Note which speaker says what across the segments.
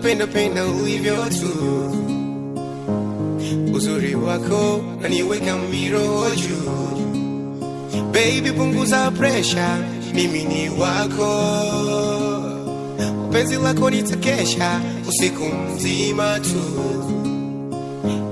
Speaker 1: napenda penda ulivyo tu, uzuri wako naniweka miroho juu. Baby, punguza presha, mimi ni wako, penzi lako nitakesha usiku mzima tu,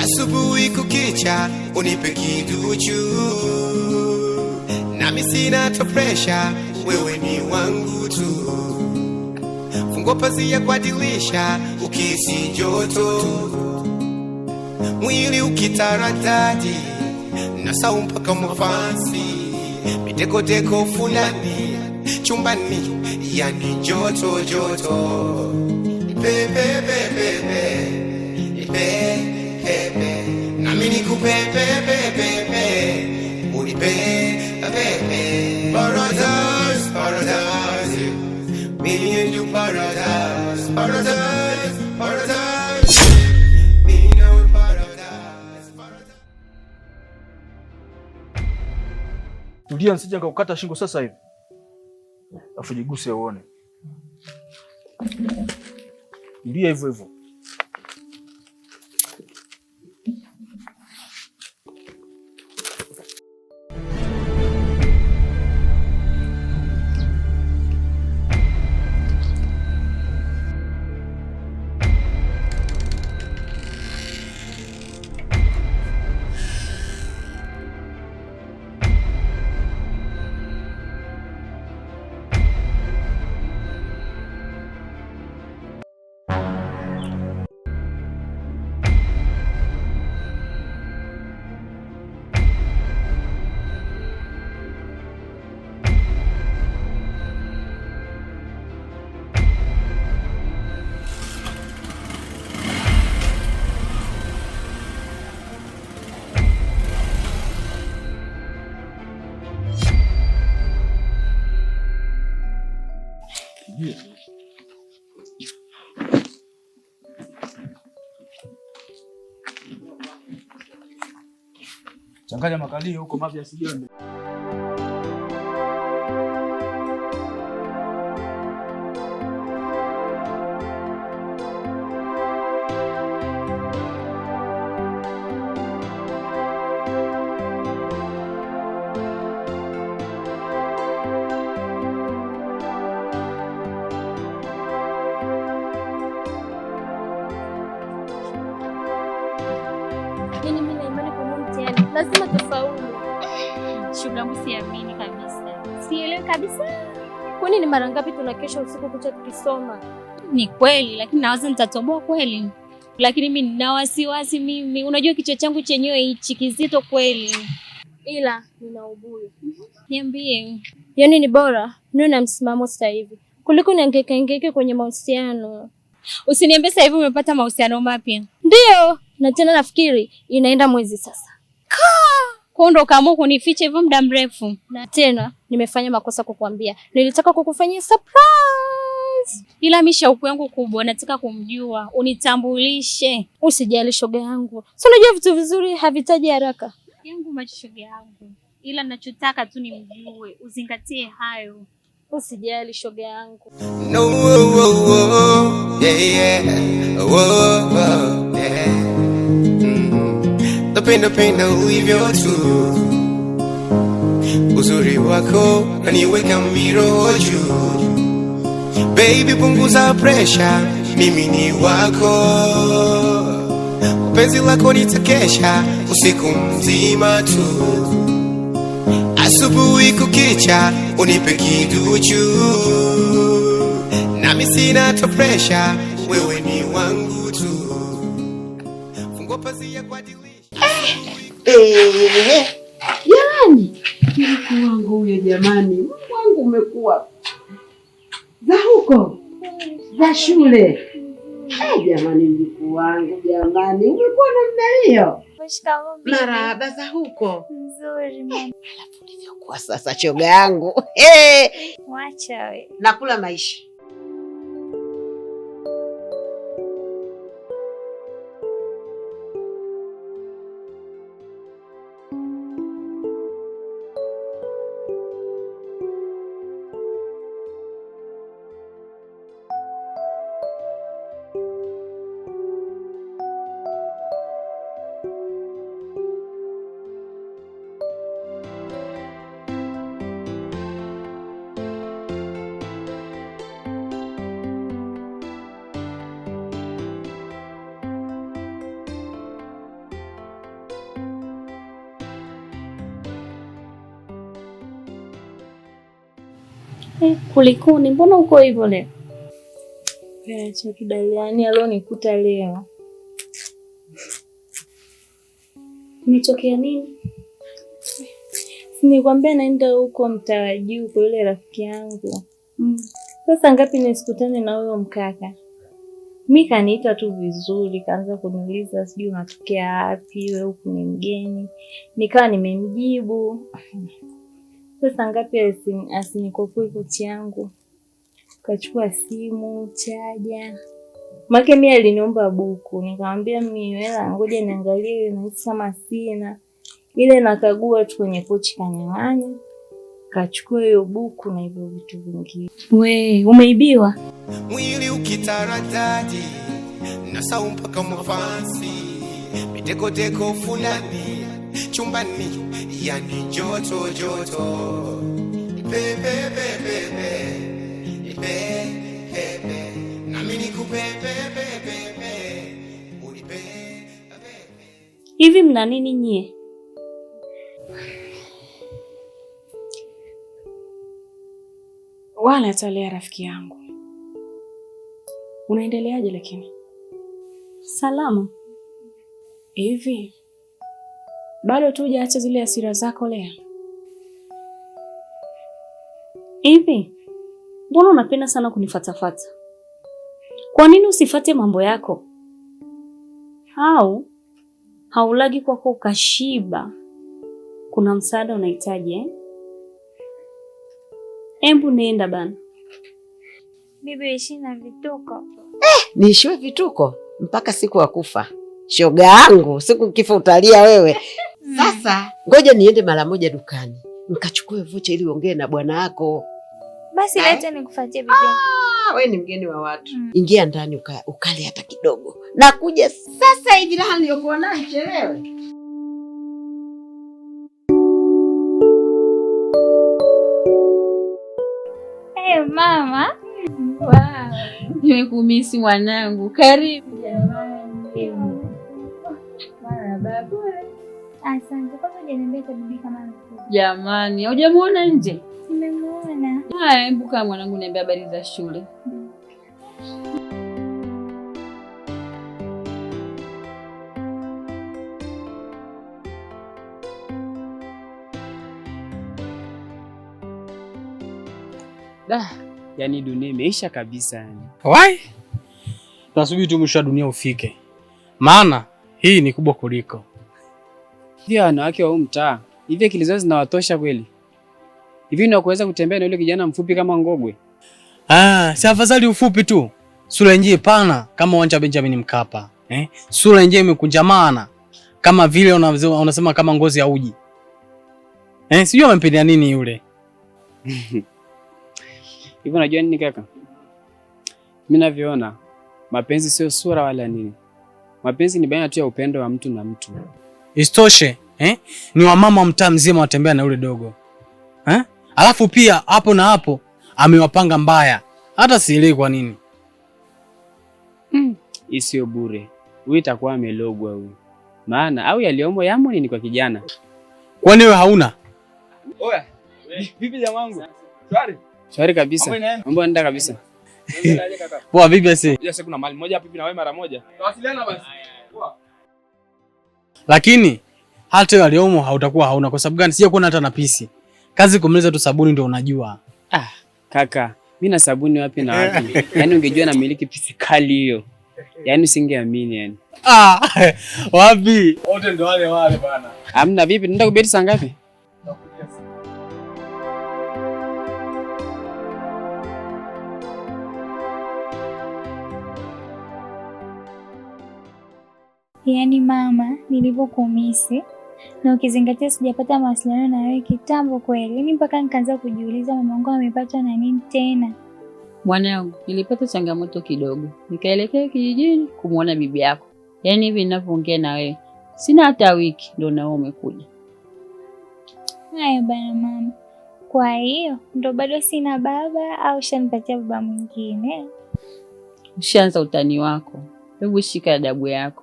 Speaker 1: asubuhi kukicha unipe kiduchu, nami sina to presha, wewe ni wangu tu Fungua pazia kwa dilisha Ukisi joto, mwili ukitaradadi Nasa umpaka mfansi mafansi, deko fulani chumbani, yani joto joto, pepepepepe, pepepe, nami nikupepepe
Speaker 2: Rudia nsije nikakukata shingo sasa hivi.
Speaker 3: Afu jiguse uone.
Speaker 2: Ndio hivyo hivyo. Changanya makalio huko mafia sijonde.
Speaker 4: lazima tufaulu.
Speaker 5: Shukrani, siamini kabisa,
Speaker 4: sielewi kabisa. Kwani ni mara ngapi tunakesha usiku kucha tukisoma?
Speaker 5: Ni kweli, lakini nawaza nitatoboa kweli, lakini mi nina wasiwasi mimi. Unajua kichwa changu chenyewe hichi kizito kweli,
Speaker 4: ila nina ubuyu.
Speaker 5: Niambie,
Speaker 4: yaani ni bora niwe na msimamo sasa hivi kuliko niangekengeke kwenye mahusiano.
Speaker 5: Usiniambie sasa hivi umepata mahusiano mapya?
Speaker 4: Ndio, na tena nafikiri inaenda mwezi sasa
Speaker 5: Kwao ndo kaamua kunificha hivyo muda mrefu.
Speaker 4: Na tena nimefanya makosa kukuambia, nilitaka kukufanyia surprise,
Speaker 5: ila misha shauku yangu kubwa, nataka kumjua, unitambulishe.
Speaker 4: Usijali shoga yangu, si unajua vitu vizuri havitaji haraka
Speaker 5: yangu macho, shoga yangu, ila nachotaka tu nimjue, uzingatie hayo.
Speaker 4: Usijali shoga yangu. No, oh, oh, oh, oh yeah, yeah. Oh, Oh, oh, yeah napenda ulivyo tu, uzuri wako naniweka miroho juu. Baby, punguza presha, mimi ni wako,
Speaker 6: upenzi lako nitakesha usiku mzima tu, asubuhi kukicha unipe kiduchu, nami sina ta presha, wewe ni wangu tu. Jamani, mjukuu wangu huyo, jamani, Mungu wangu, umekuwa za huko za shule. Hey, eh, jamani, mungu wangu, jamani, umekuwa namna hiyo, maraba za huko
Speaker 7: nzuri. Alafu
Speaker 6: ulivyokuwa sasa, choga yangu, nakula maisha
Speaker 5: Eh, kulikoni? Mbona uko hivyo leo?
Speaker 8: Eh, acha kidaliani alionikuta leo. Umetokea nini? Nikwambia naenda huko mtaa juu kwa yule rafiki yangu. Mm. Sasa ngapi nisikutane na huyo mkaka. Mi kaniita tu vizuri, kaanza kuniuliza sijui unatokea wapi, wewe huku ni mgeni. Nikawa nimemjibu sasa ngapi asinikopue pochi yangu, kachukua simu chaja. Make mimi aliniomba buku, nikamwambia mimi hela ngoja niangalie, nahisi kama sina ile. Nakagua tu kwenye pochi, kanyang'anya, kachukua hiyo buku na hivyo vitu vingine.
Speaker 5: We umeibiwa mwili ukitaradadi na sau mpaka mafasi mitekoteko fulani chumbani, yani joto joto. Pe, pe, pe, pe, pe. Pe, pe, pe. nami pe, pe, pe, pe. pe, pe. Hivi mna nini nyie? Wala talea rafiki yangu, unaendeleaje? Lakini salama hivi bado tu hujaacha zile hasira zako Lea? Hivi mbona unapenda sana kunifatafata? Kwa nini usifate mambo yako? Au haulagi kwako ukashiba? Kuna msaada unahitaji eh? Embu nenda bana.
Speaker 7: Bibi ishina vituko.
Speaker 6: Eh, niishiwe vituko mpaka siku ya kufa. Shoga yangu, siku kifa utalia wewe. Sasa ngoja niende mara moja dukani nikachukue vocha ili uongee na bwana wako.
Speaker 7: Basi leta nikufuatie bibi.
Speaker 6: Ah, wewe ni mgeni wa watu. Mm. Ingia ndani uka, ukale hata kidogo. Nakuja
Speaker 5: sasa hivi raha niliyokuwa nayo chelewe.
Speaker 7: Hey, mama.
Speaker 8: Wow.
Speaker 5: Nimekumisi mwanangu. Karibu
Speaker 8: jamani.
Speaker 5: Jamani, hujamuona nje?
Speaker 7: Nimemuona.
Speaker 5: Haya, hebu kaa mwanangu, niambia habari za shule.
Speaker 9: Da, yani dunia imeisha kabisa yani.
Speaker 10: Why? Tunasubiri tu mwisho wa dunia ufike, maana hii ni kubwa kuliko
Speaker 9: hiyo wanawake wa huu mtaa, hivi kilizo zinawatosha kweli? Hivi ni kuweza kutembea na yule kijana mfupi kama Ngogwe?
Speaker 10: Ah, si afadhali ufupi tu, sura njie pana kama uwanja Benjamin Mkapa eh? Sura nje imekunjamana kama vile unasema, kama ngozi ya uji eh? Sijui amempenda nini yule
Speaker 9: hivyo. Unajua nini kaka, mimi navyoona mapenzi sio sura wala nini, mapenzi ni baina tu ya upendo wa mtu na mtu.
Speaker 10: Isitoshe eh, ni wamama wa mtaa mzima watembea na yule dogo eh? Alafu pia hapo na hapo amewapanga mbaya, hata sielewi kwa nini
Speaker 9: hmm. Isiyo bure huyu, itakuwa amelogwa huyu, maana au yaliomo yamo nini kwa kijana.
Speaker 10: Kwani wewe hauna
Speaker 11: oya? Vipi jamangu, shwari
Speaker 9: shwari kabisa, mambo yanaenda kabisa
Speaker 10: poa. Vipi sasa,
Speaker 11: kuna mali moja hapo hivi na wewe mara moja, tawasiliana basi. Poa.
Speaker 10: Lakini hata waliomo hautakuwa hauna. Kwa sababu gani? Sija kuona hata na pisi. Kazi kumaliza tu sabuni ndio unajua.
Speaker 9: Ah, kaka, mimi na sabuni wapi na wapi? Yaani ungejua na miliki pisi kali hiyo. Yaani usingeamini yani.
Speaker 10: Ah, wapi? Wote ndio wale
Speaker 9: wale bana. Amna vipi? Nenda kubeti saa ngapi?
Speaker 7: yaani mama, nilivyokumisi na ukizingatia sijapata mawasiliano na wewe kitambo kweli, yaani mpaka nikaanza kujiuliza wangu amepatwa na nini tena.
Speaker 8: Mwanangu, nilipata changamoto kidogo, nikaelekea kijijini kumwona bibi yako. Yaani hivi ninavyoongea na wewe sina hata wiki, ndio wewe umekuja.
Speaker 7: Haya bana mama, kwa hiyo ndo bado sina baba au shanipatia baba mwingine?
Speaker 8: Ushaanza utani wako, hebu shika adabu yako.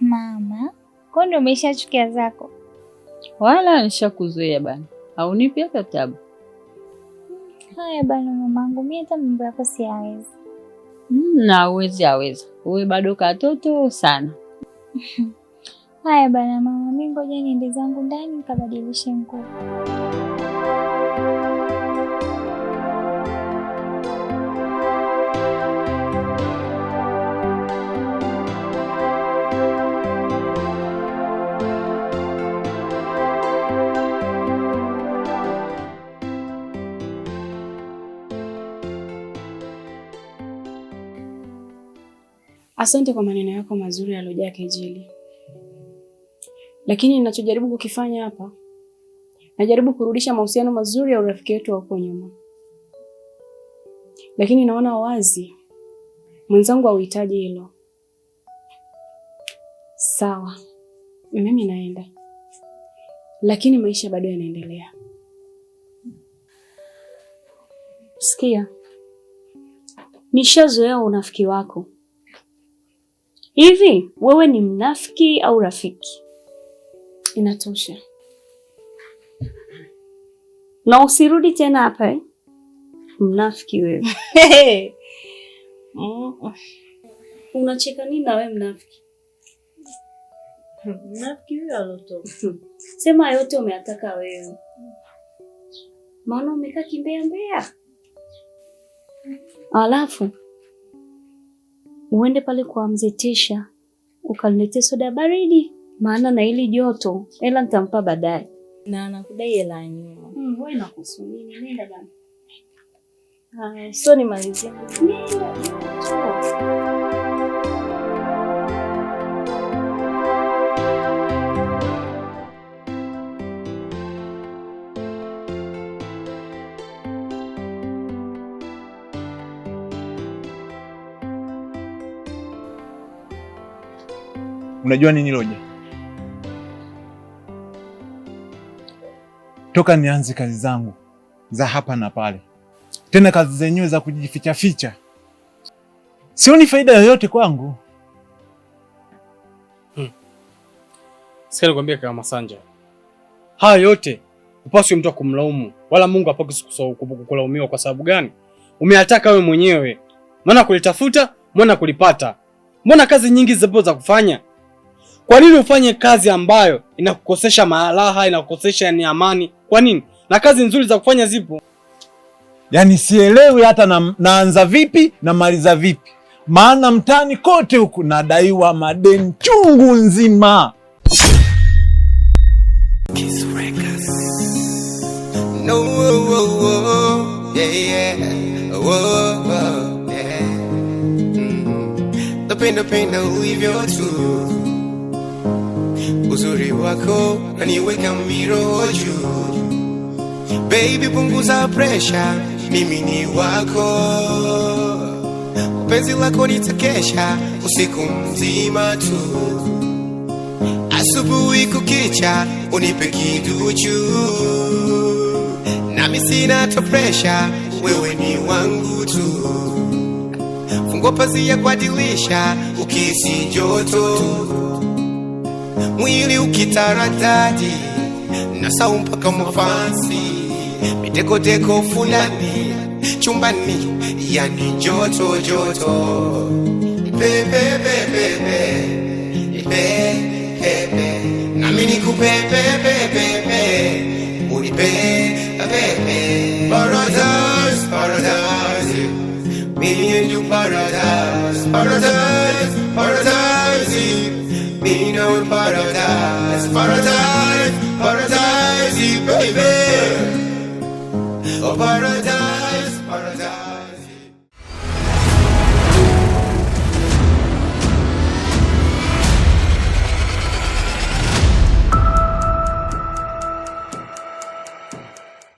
Speaker 7: Mama, kwa umesha chukia zako?
Speaker 8: Wala nishakuzuia bana, haunipi hata tabu.
Speaker 7: Haya bana mamangu, mimi hata mambo yako siyawezi.
Speaker 8: Mm, na uwezi aweza, uwe bado katoto sana.
Speaker 7: Haya bana mama, mimi ngoja niende zangu ndani nikabadilishe nguo.
Speaker 5: Asante kwa maneno yako mazuri yaliyojaa kejeli, lakini ninachojaribu kukifanya hapa, najaribu kurudisha mahusiano mazuri ya urafiki wetu wa huko nyuma, lakini naona wazi mwenzangu hauhitaji hilo. Sawa, mimi naenda, lakini maisha bado yanaendelea. Sikia, nishazoea unafiki wako Hivi wewe ni mnafiki au rafiki? Inatosha na usirudi tena hapa eh? Mnafiki wewe. Unacheka nini na wewe mnafiki?
Speaker 8: Mnafiki wewe aloto.
Speaker 5: Sema yote umeataka wewe, maana umekaa kimbea mbea alafu uende pale kwa mzee Tisha ukaniletee soda baridi, maana na hili joto hela nitampa baadaye.
Speaker 8: Na nakudai hela yenyewe.
Speaker 5: Mm, wewe nakuhusu nini? Nenda bana.
Speaker 8: Ah, so nimalizie. Nenda.
Speaker 12: Unajua nini Roja, toka nianze kazi zangu za hapa na pale, tena kazi zenyewe za kujificha ficha, sioni faida yoyote kwangu.
Speaker 13: Hmm. Sikia nikwambia kama Masanja, haya yote upaswi mtu kumlaumu, wala Mungu hapaki kulaumiwa. Kwa sababu gani? Umeataka wewe mwenyewe, maana kulitafuta, mwana kulipata. Mbona kazi nyingi zipo za kufanya kwa nini ufanye kazi ambayo inakukosesha maraha inakukosesha ni amani? Kwa nini? Na kazi nzuri za kufanya zipo.
Speaker 12: Yaani sielewi hata na, naanza vipi na maliza vipi, maana mtaani kote huku nadaiwa madeni chungu nzima. No, oh, oh, tu uzuri wako naniweka miroho juu. Baby, punguza presha, mimi ni wako, penzi lako nitakesha usiku mzima tu, asubuhi kukicha unipe kiduchu, nami sina to presha, wewe ni wangu tu. Fungua pazia kwa dirisha ukihisi joto mwili ukitaradadi na sau mpaka mafansi mitekoteko fulani chumbani, yani joto joto pepepepepepepepe nami nikupepepepepe unipepepe paradise paradise mimi ndio paradise paradise